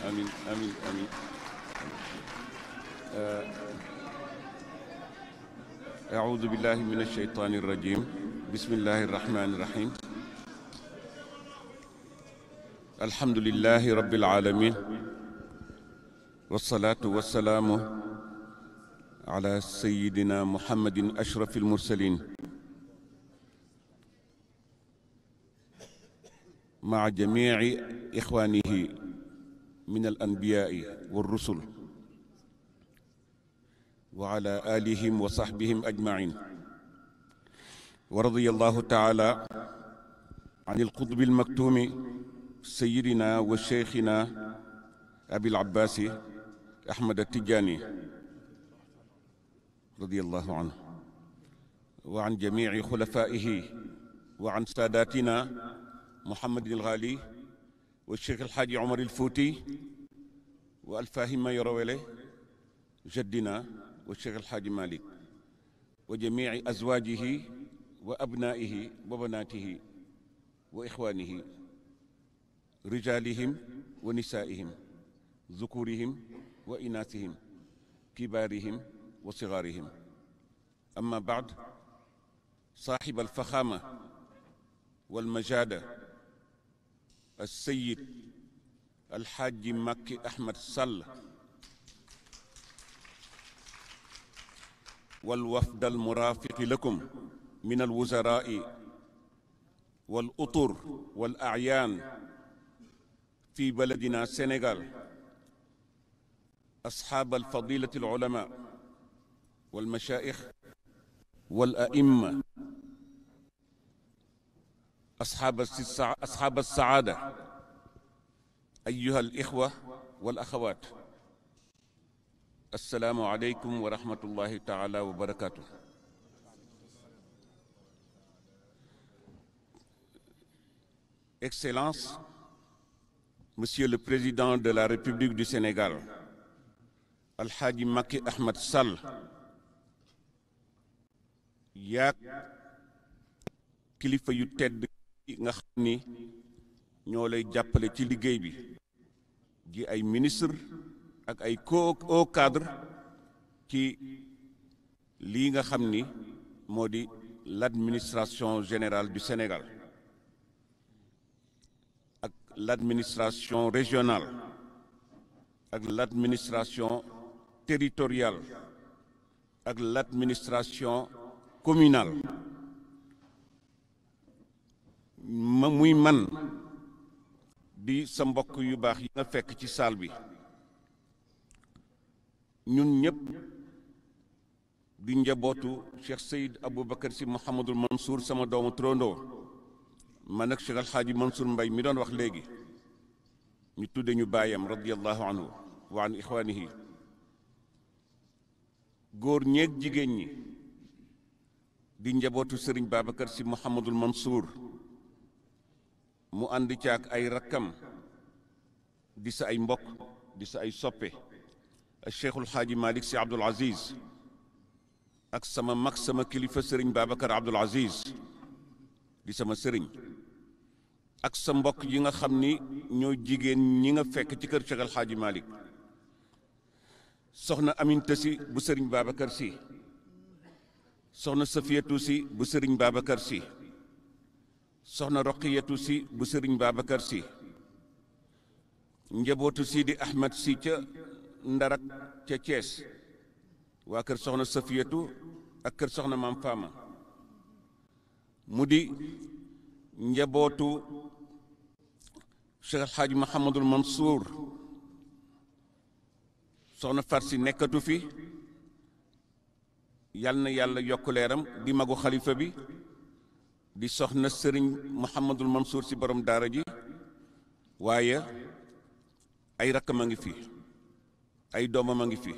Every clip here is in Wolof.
آمين آمين آمين آمين آه، أعوذ بالله من الشيطان الرجيم بسم الله الرحمن الرحيم الحمد لله رب العالمين والصلاة والسلام على سيدنا محمد أشرف المرسلين مع جميع إخوانه من الأنبياء والرسل وعلى آلهم وصحبهم أجمعين ورضي الله تعالى عن القطب المكتوم سيدنا وشيخنا أبي العباس أحمد التجاني رضي الله عنه وعن جميع خلفائه وعن ساداتنا محمد الغالي والشيخ الحاج عمر الفوتي والفاهم ما يروي جدنا والشيخ الحاج مالك وجميع أزواجه وأبنائه وبناته وإخوانه رجالهم ونسائهم ذكورهم وإناثهم كبارهم وصغارهم أما بعد صاحب الفخامة والمجادة السيد الحاج مكي أحمد سلة والوفد المرافق لكم من الوزراء والأطر والأعيان في بلدنا السنغال أصحاب الفضيلة العلماء والمشائخ والأئمة أصحاب السعادة أيها الإخوة والأخوات السلام عليكم ورحمة الله تعالى وبركاته Excellences, Monsieur le Président de la République du Sénégal, Al-Hadi Maki Ahmed Sall, Yak kilifa yu tedd nga xam ay ministre ak co au cadre qui li l'administration générale du Sénégal l'administration régionale l'administration territoriale l'administration communale di sa mbokk yu baax yi nga fekk ci salle bi ñun ñëpp di njabootu cheikh aboubacar si mohamadul mansour sama doomu trondo man ak cheikh alxaaji mansour mbay mi doon wax léegi ñu tudde ñu bàyyam radiallahu anhu wa an ixwaanihi góor ñeeg jigéen ñi di njabootu sëriñ babacar si mohamadul mansour mu ànd ak ay rakam di sa ay mbokk di sa ay soppe al xaaji malik si abdul aziz ak sama mak sama kilifa serigne babakar abdul aziz di sama serigne ak sa mbokk yi nga xamni ni jigen ñi nga fekk ci kër al xaaji malik soxna amine tassi bu serigne babakar si soxna safiyatu si bu serigne babakar si soxna roqiyatu si bu sëriñ Babacar si njabootu si di ahmad si ca ndarak ca Thiès waa kër soxna safiyatu ak kër soxna maam mu di njabootu Cheikh El Hadj Mouhamadul Mansour soxna far si nekkatu fi yal na yàlla yokk leeram magu xalifa bi di soxna sëriñ Mouhamadul Mansour si borom daara ji waaye ay rakkam a ngi fi ay doomam a ngi fi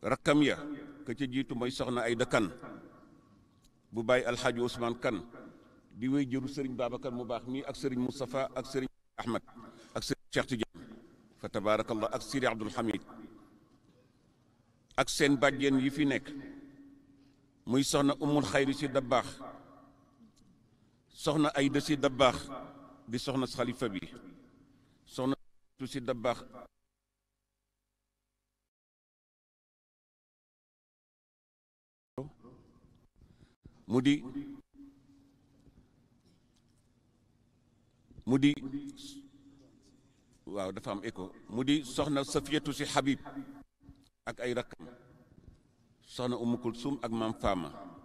rakkam ya ka ca jiitu mooy soxna ay dëkkan bu bàyyi alxaaji Ousmane Kan di wéy jëru sëriñ Babacar mu baax mii ak sëriñ Moustapha ak sëriñ Ahmad ak sëriñ Cheikh Tidiane fa tabaarakallah ak sëriñ Abdul Hamid ak seen bàjjeen yi fi nekk muy soxna Umul Xayri si da baax سخنا اي دسي دباخ دي سخنا خليفه بي سخنا دسي دباخ مودي مودي واو دا فام ايكو مودي سخنا سفيتو سي حبيب اك اي رقم سخنا ام كلثوم اك مام فاما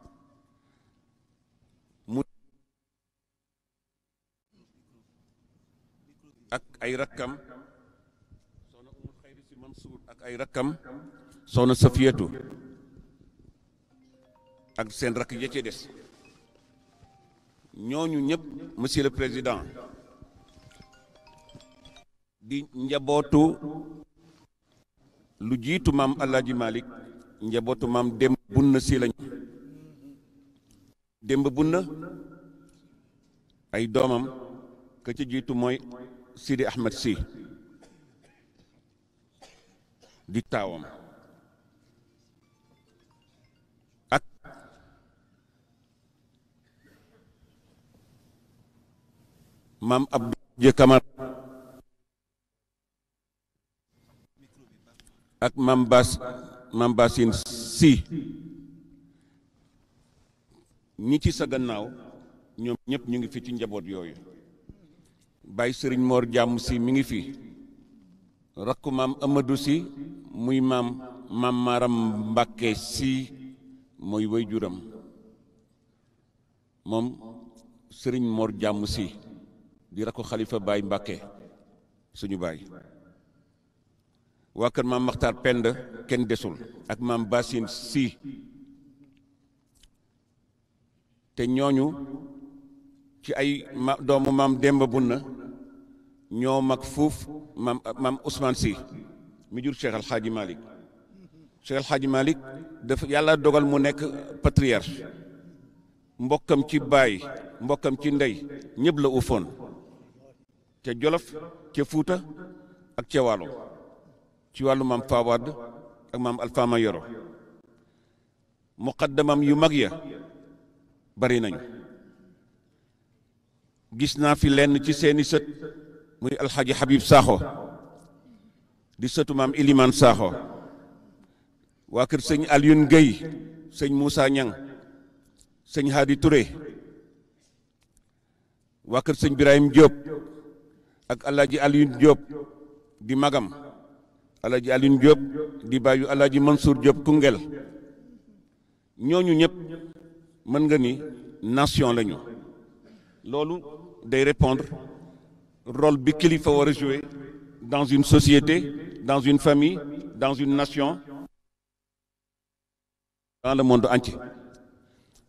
ak ay rakkam soxna umul ak ay rakkam soxna safiyatu seen rakk ya ci des ñooñu ñëpp monsieur le président di njabootu lu jiitu maam Alaaji Malick njabootu maam démb bunna si lañ démb bunna ay doomam ka ci jiitu mooy Sidi Ahmad Sy di taawam ak Mam abdi Kamal ak Mam Bas Mam Basin si, ñi ci sa gannaaw ñoom ñu ngi fi ci bàyyi sëriñ moor jàmm si mi ngi fi rakku maam Amadou si muy maam maam Maram Mbàkke si mooy way juram moom sëriñ moor jàmm si di rakku xalifa baay Mbàkke suñu baay waa kër maam Maxtaar Pend kenn desul ak maam Basin si te ñooñu ci ay ma doomu maam Demba Bunna ñoo mag fuuf maam maam Ousmane mi jur Cheikh Al malik Malick Cheikh malik dafa yàlla dogal mu nekk patriarche mbokkam ci baay mbokkam ci ndey ñëpp la ufoon ca Jolof ca Fuuta ak ca Waalo ci wàllu maam Fawad ak maam Alpha Mayoro muqaddamam yu mag ya bari nañu gis naa fi lenn ci seeni sët muy alxaji Habib Sakho di sëtu maam Iliman Sakho waa kër sëñ aliun Gueye sëñ Moussa Niang sëñ Hadi Touré waa kër sëñ Birahim Diop ak alaaji aliun Diop di magam alaaji aliun Diop di bàyyu alaaji Mansour Diop kungel ñooñu ñëpp mën nga ni nation lañu loolu day répondre rôle qu'il faut jouer dans une société dans une famille dans une nation dans le monde entier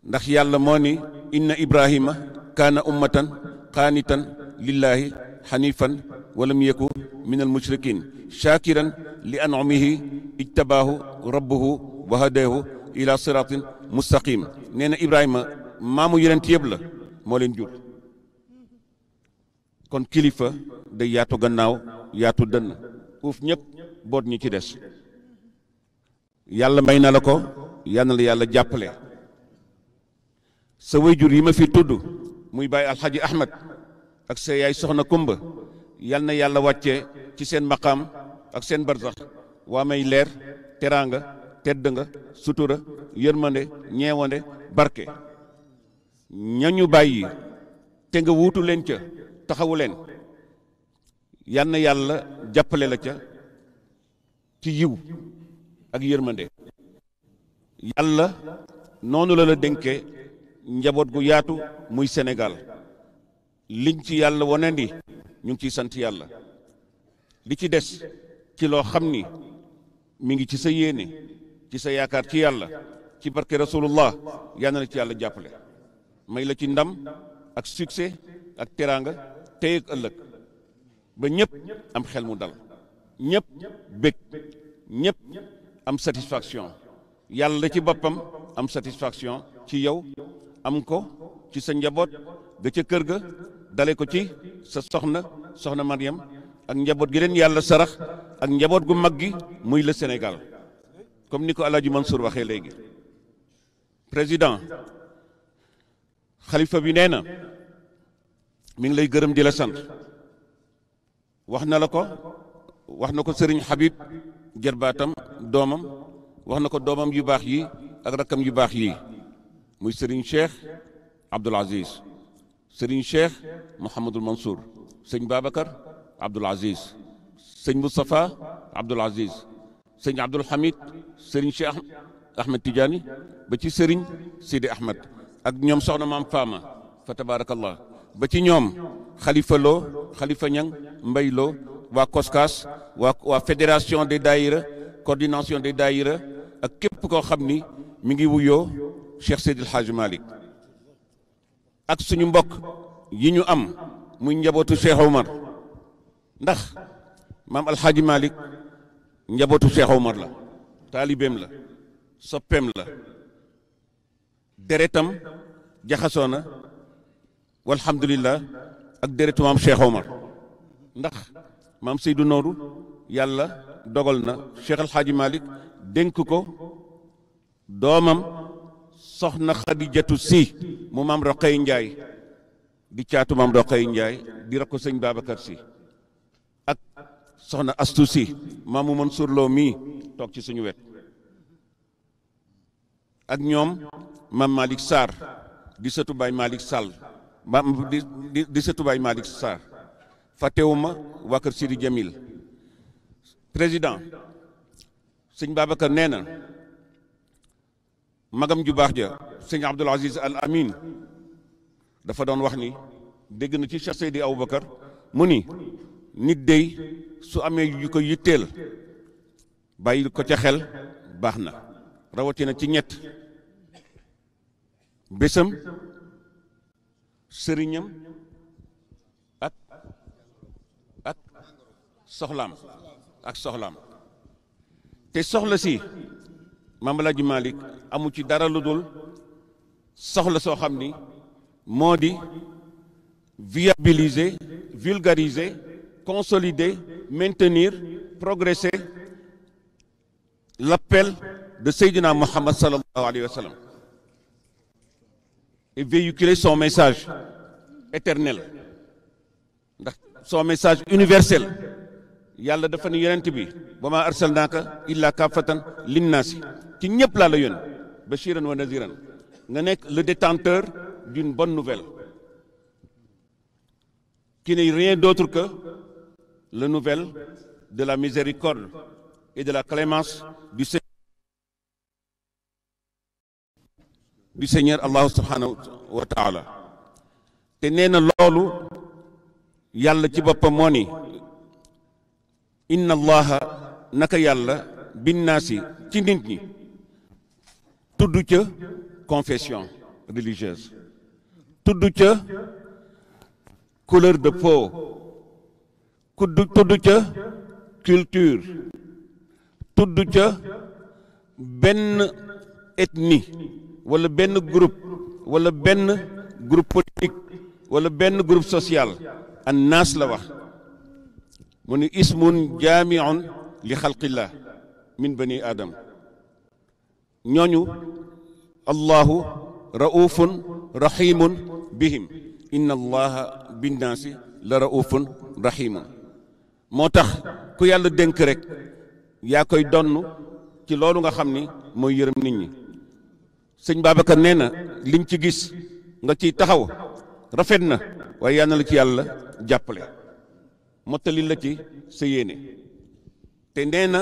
ndax Yalla moo ni inna ibrahima kana ummatan qanitan lillahi hanifan walam yakun min al mushrikin shakiran li an'umihi ijtabaahu rabbuhu wa hadahu ila siratin mustaqim Nena ibrahima maamu yonent la kon kilifa day yaatu gannaaw yaatu dënn uuf ñëpp boot ñi ci des yàlla may na la ko yal na la yàlla jàppale sa wayjur yi ma fi tudd muy bàyyi alxaji ahmad ak sa yaay soxna kumba yal na yàlla wàcce ci seen maqaam ak seen barsax waa may leer teraanga tedd nga sutura yërmande ñeewande barke ñañu bàyyi te nga wuutu leen ca taxawu leen yal yàlla jàppale la ca ci yiw ak yërmande yàlla noonu la la dénkee njaboot gu yaatu muy Sénégal liñ ci yàlla wanandi ñu ngi ciy sant yàlla li ci des ci loo xam ni mu ngi ci sa yéene ci sa yaakaar ci yàlla ci barke rasulullah yal la ci yàlla jàppale may la ci ndam ak succès ak teraanga tey ak ëllëg ba ñëpp am xel mu dal ñëpp bég ñëpp am satisfaction yàlla ci boppam am satisfaction ci yow am ko ci sa njaboot ga ca kër ga dale ko ci sa soxna soxna Mariam ak njaboot gi leen yàlla sarax ak njaboot gu mag gi muy le Sénégal comme ni ko El Hadj Mansour waxee léegi président xalifa bi nee na mi ngi lay gërëm di la sant wax na la ko wax na ko sëriñ Habib jarbaatam doomam wax na ko doomam yu baax yi ak rakkam yu baax yi muy sëriñ Cheikh Abdoul Aziz sëriñ Cheikh Mouhamadul Mansour sëñ Babacar Abdoul Aziz sëñ Moustapha Abdoul Aziz sëñ Abdoul Hamid sëriñ Cheikh Ahmed Tidiane ba ci sëriñ Sidi Ahmed ak ñoom soxna maam Fama fa tabaarakallah ba ci ñoom Khalifa Lo Khalifa Niang Mbaye Lo waa COSCAS waa waa fédération des daïra coordination des daïra ak képp koo xam ni mi ngi wuyoo Cheikh Seydil Hadj suñu mbokk yi ñu am muy njabootu Cheikh Omar ndax maam Alxaaji Malick njabootu Cheikh Omar la taalibeem la soppeem la deretam jaxasoo na والحمد لله اقدرت مام شيخ عمر ندخ مام سيد نورو يلا دغلنا شيخ الحاج مالك دنكوكو دومم سخنا خديجة سي مام رقين جاي دي تشاتو مام رقين جاي دي ركو سنج بابا كرسي اك سخنا استوسي مام منصور لومي توقتي سنجوات اك نيوم مام مالك سار دي ستو باي مالك سال ma di di di sëtu Baay Malick Sarr fàttewuma waa kër Jamil président sëñ Babacar nee na magam ju baax ja sëñ Abdoul Aziz Al Amin dafa doon wax ni dégg na ci Cheikh Seydi Aboubacar mu ni nit dey su amee yu ko yitteel bàyyi ko ca xel baax na rawatina ci ñett bésam serignam ak ak soxlam ak soxlam te soxla si Maam Alaaji daraludul, amu ci dara soxla viabiliser vulgariser consolider maintenir progresser l'appel de Seydina mohammed sallallahu alayhi wa sallam et véhiculer son message éternel son message universel Yalla dafa ni yonent bi bama arsalnaka illa kafatan linnaasi ci ñëpp laa la yónni bashiran wa naziran nga nek le détenteur d'une bonne nouvelle qui n'est rien d'autre que la nouvelle de la miséricorde et de la clémence du Seigneur. du Seigneur Allah subhanahu wa te nee loolu yàlla ci boppa moo ni inna allaha naka yàlla binnaasi ci nit ñi tudd ca confession religieuse tudd ca couleur de peau kudd tudd ca culture tudd ca benn ethnie ولا بن جروب ولا بن جروب بوليتيك ولا بن جروب سوسيال الناس لا من اسم جامع لخلق الله من بني ادم نيونيو الله رؤوف رحيم بهم ان الله بالناس لرؤوف رحيم موتاخ كو يالا دنك رك يا كوي دونو تي لولوغا خامني مو يرم نيت sëñ Babacar nee na liñ ci gis nga ciy taxaw rafet na waaye yal na la ci yàlla jàppale mottali la ci sa yéene te nee na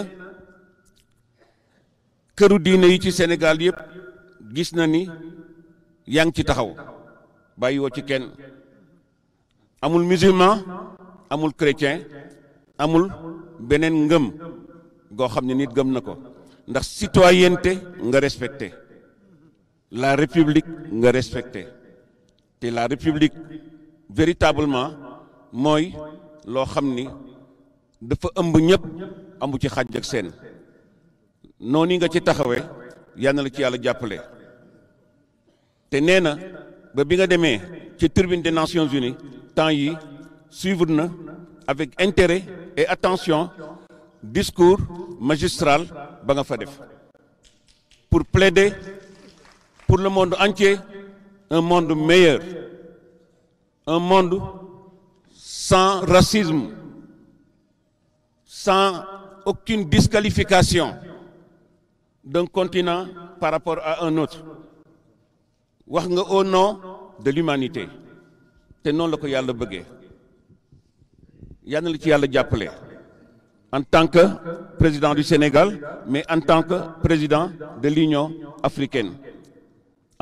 këru diine yi ci senegaal yëpp gis na ni yaa ngi ci taxaw bàyyiwoo ci kenn amul musulman amul chrétien amul beneen ngëm goo xam ne nit gëm na ko ndax citoyenneté nga respecté la république nga respectée. Et la république véritablement moy, lo xamni de dafa ëmb ñëpp ambu ci xajj ak seen noonu nga ci taxawé la ci yàlla jàppale te nee na ba bi nga demee ci tribune des Nations Unies temps yi suivre avec intérêt et attention discours magistral ba nga fa def pour plaider pour le monde entier un monde meilleur, un monde sans racisme, sans aucune disqualification d'un continent par rapport à un autre. au nom de l'humanité c'est non que ko Yalla en tant que président du Sénégal mais en tant que président de l'Union africaine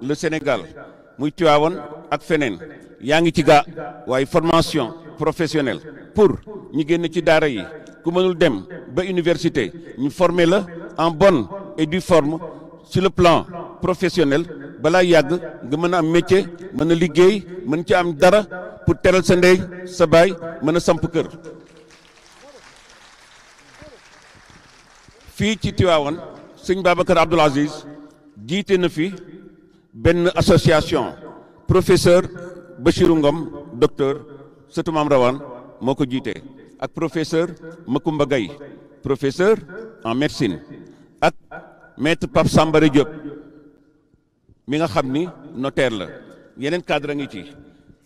le Sénégal muy Tivaouane ak feneen yaa ngi ci ga way formation professionnelle pour ñu génn ci daara yi ku mënul dem ba université ñu former la en bonne et due forme sur le plan professionnel balaa yàgg nga mën am métier mëna liggéey mën ci am dara pour téral sa ndey sa bay mëna samp kër. fii ci sëñ Babacar Aziz na fi. Ben association professeur Bachirou Ngom docteur Sëtu Rawan, Rawaan et ak professeur Makumba gay professeur en médecine ak maître Pape Sambare Diop mi nga xamni notaire la yenen cadre a ngi ci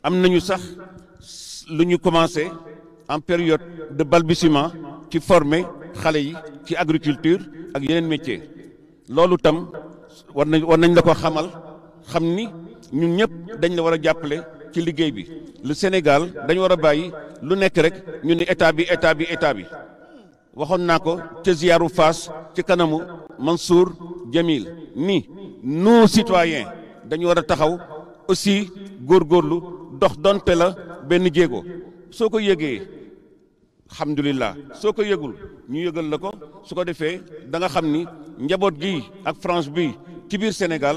am sax luñu en période de balbutiement ci former xalé yi ci agriculture ak yenen métier lolou tam war nañ la ko xamal xamni ñun ñëpp dañ la war a jàppale ci liggéey bi le Sénégal dañ war a bàyyi lu nekk rek ñu ni état bi état bi état bi waxoon naa ko ca ziyaaru Fass ci kanamu Mansour Jamil ni nos citoyens dañu war a taxaw aussi góorgóorlu dox donte la benn jéego soo ko yëgee alhamdulillah soo ko yëgul ñu yëgal la ko su da nga xam ni gi ak France bi ci biir Sénégal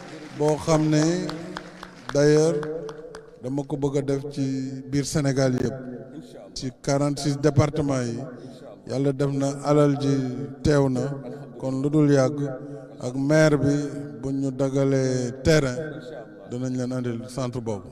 boo xam ne d'ailleurs dama ko bëgg a def ci biir Sénégal yëpp ci 46 départements yi yàlla def na alal ji teew na kon lu dul yàgg ak maire bi bu ñu dagalee terrain dinañ leen andil centre boobu